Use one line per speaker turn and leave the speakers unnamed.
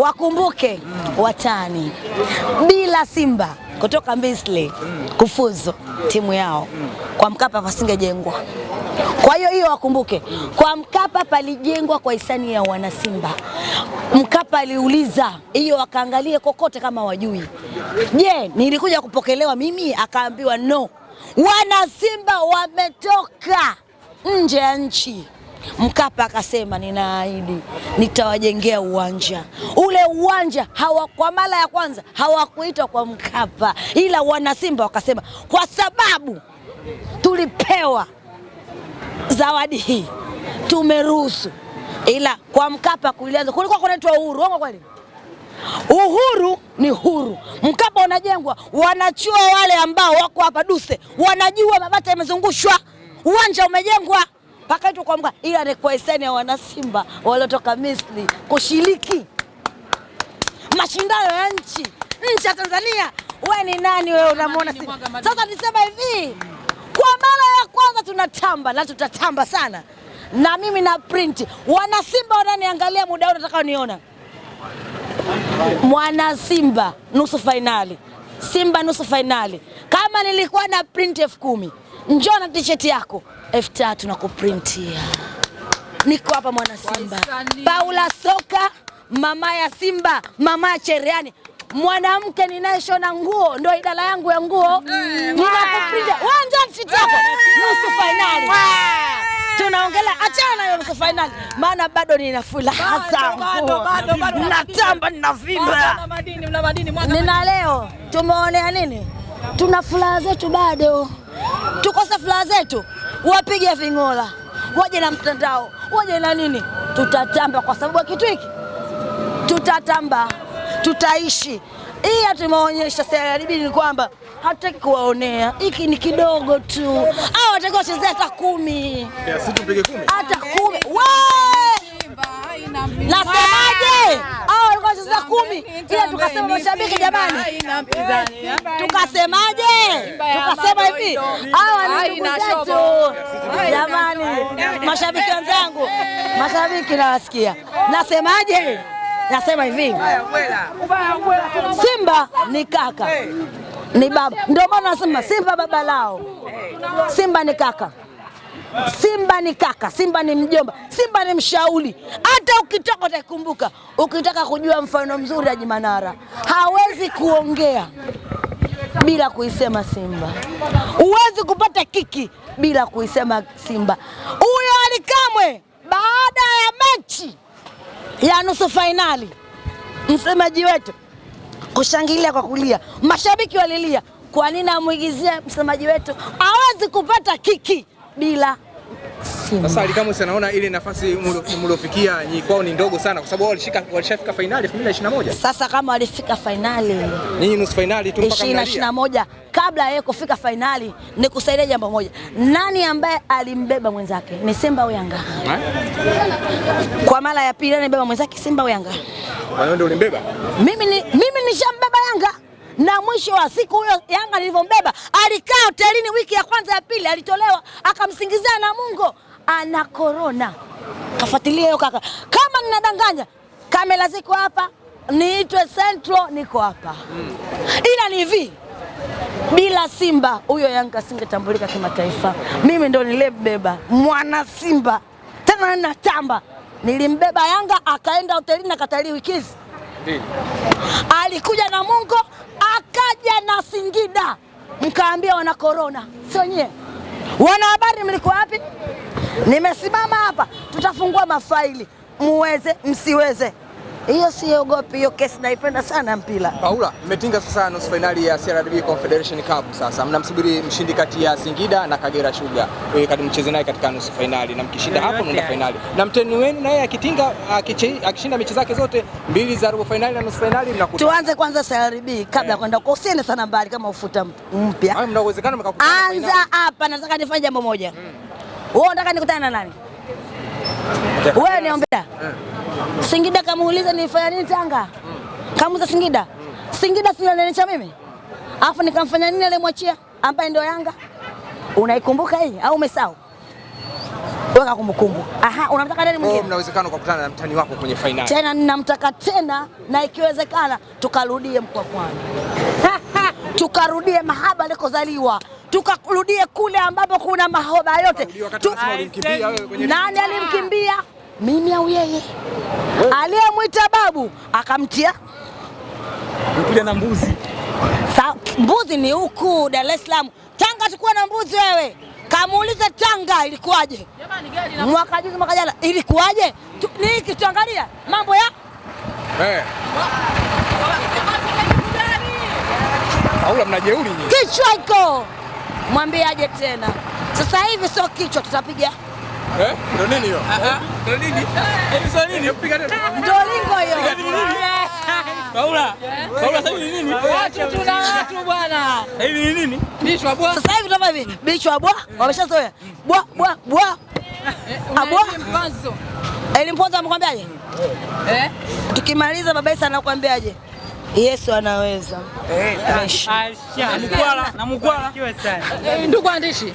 wakumbuke watani bila Simba kutoka Misri kufuzu timu yao kwa Mkapa pasingejengwa. Kwa hiyo hiyo wakumbuke, kwa Mkapa palijengwa kwa hisani ya wanasimba. Mkapa aliuliza hiyo, akaangalie kokote kama wajui. Je, nilikuja kupokelewa mimi? Akaambiwa no, wanasimba wametoka nje ya nchi. Mkapa akasema ninaahidi nitawajengea uwanja. Ule uwanja hawa, kwa mara ya kwanza hawakuitwa kwa Mkapa, ila wanasimba wakasema kwa sababu tulipewa zawadi hii tumeruhusu, ila kwa Mkapa kulianza kulikuwa kunaitwa uhuru, wongo kweli? Uhuru ni huru. Mkapa unajengwa, wanachua wale ambao wako hapa Duse wanajua mabata yamezungushwa, uwanja umejengwa mpaka tu kwamba ila ni kwa hisani ya wanasimba waliotoka Misri kushiriki mashindano ya nchi nchi ya Tanzania. We ni nani wewe? Unamwona sasa, nisema hivi kwa mara ya kwanza tunatamba na tutatamba sana, na mimi na print. Wanasimba wananiangalia muda huu, nataka niona mwana Simba nusu fainali, Simba nusu fainali. Kama nilikuwa na print elfu kumi njoo na t-shirt yako elfu tatu na kuprintia. Niko hapa mwana Simba, Paula Soka, mama ya Simba, mama ya Chereani, mwanamke ninayeshona nguo ndo idara yangu ya nguo. Ninakuprintia t-shirt yako nusu finali tunaongelea achana na hiyo nusu fainali, maana bado nina furaha zangu, natamba ninavimba, nina leo tumeonea nini,
tuna furaha zetu bado
zetu wapige ving'ola, waje na mtandao, waje na nini, tutatamba kwa sababu ya kitu hiki, tutatamba, tutaishi. Hii tumeonyesha serikali ni kwamba hatutaki kuwaonea, hiki ni kidogo tu, au watakiwa wacheze hata kumi, si kumi, hata kumi. Nasemaje? za kumi ila tukasema mashabiki jamani, tukasemaje? Tukasema hivi hawa ni ndugu zetu jamani, mashabiki wenzangu, mashabiki nawasikia, nasemaje? Nasema hivi Simba ni kaka, ni baba. Ndio maana nasema Simba baba lao, Simba ni kaka Simba ni kaka, Simba ni mjomba, Simba ni mshauri. Hata ukitoka utakumbuka. Ukitaka kujua mfano mzuri, Haji Manara hawezi kuongea bila kuisema Simba. Huwezi kupata kiki bila kuisema Simba. Huyo alikamwe baada ya mechi ya nusu fainali, msemaji wetu kushangilia kwa kulia, mashabiki walilia. Kwa nini amwigizia msemaji wetu? Hawezi kupata kiki bila Simba.
Sasa Ally Kamwe anaona ile nafasi mliofikia kwao ni ndogo sana, kwa sababu wao walishika walishafika finali 2021.
Sasa kama walifika finali.
ninyi nusu finali tu
mpaka 2021, kabla yeye kufika finali ni kusaidia jambo moja, nani ambaye alimbeba mwenzake? Ni Simba au Yanga? Eh? Kwa mara ya pili nani beba mwenzake Simba au Yanga? Wewe ndio ulimbeba? Mimi ni Mimi nishambeba Yanga na mwisho wa siku huyo Yanga nilivyombeba alikaa hotelini wiki ya kwanza ya pili, alitolewa akamsingizia na Mungu ana korona. Kafuatilia hiyo kaka, kama ninadanganya, kamera ziko hapa, niitwe Central, niko hapa hmm. Ila ni hivi, bila Simba huyo Yanga asingetambulika kimataifa. Mimi ndo nilimbeba mwana Simba tena na tamba, nilimbeba Yanga akaenda hotelini akatalii wikizi, alikuja na Mungu akaja na Singida, mkaambia wana korona, sio nyie. Wana habari wapi? Nimesimama hapa, tutafungua mafaili muweze msiweze hiyo siogopi, hiyo kesi naipenda sana mpira.
Paula, mmetinga sasa nusu fainali ya CRDB Confederation Cup. Sasa mnamsubiri mshindi kati ya Singida na Kagera Sugar kadi mcheze naye katika nusu fainali, na mkishinda hapo mnaenda finali, na mteni wenu naye akitinga akishinda mechi zake zote mbili za robo fainali na nusu finali, Mnakuta
tuanze kwanza CRDB kabla eh. kwenda kwa, Usiende sana mbali, kama ufuta mpya mnawezekana mkakutana. Anza hapa, nataka nifanye jambo moja. Hmm. Wewe unataka nikutane na nani? Wewe niombea Singida, kamuuliza nilifanya nini Tanga, kamuuliza Singida, Singida sinanianisha mimi, alafu nikamfanya nini mwachia ambaye ndio Yanga. Unaikumbuka hii au umesahau? Weka kumbukumbu. Aha, unamtaka nani mwingine?
Oh, mna uwezekano kwa kukutana na mtani wako kwenye finali.
Tena ninamtaka tena na ikiwezekana tukarudie kwani. Tukarudie mahaba alikozaliwa tukarudie kule ambapo kuna mahoba yote. Nani alimkimbia? Mimi au yeye? Aliyemwita babu akamtia
kuja na mbuzi.
Sa, mbuzi ni huku Dar es Salaam. Tanga tukuwa na mbuzi wewe? Kamuulize Tanga ilikuwaje? Mwaka juzi mwaka jana ilikuwaje? Ni hiki tuangalia mambo ya hey. Eh. Kichwa iko mwambie aje tena. Sasa hivi sio kichwa, tutapiga
eh? ndo nini hiyo? Eh, eh, lingo
hiyo.
Paula, Paula, sasa hivi nini?
Watu tuna watu bwana. Hivi ni nini? Bichwa bwa.
Sasa hivi kama hivi bwa, Bwa bwa bwa. Abwa. Elimponzo. Eh? Tukimaliza baba Isa anakuambiaje? Yesu anaweza. Eh,
Ndugu andishi